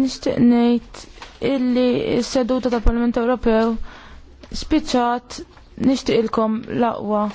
Nixtieq ngħid illi s-seduta tal Parlament Ewropew spiċċat nixtieq ilkom l-aqwa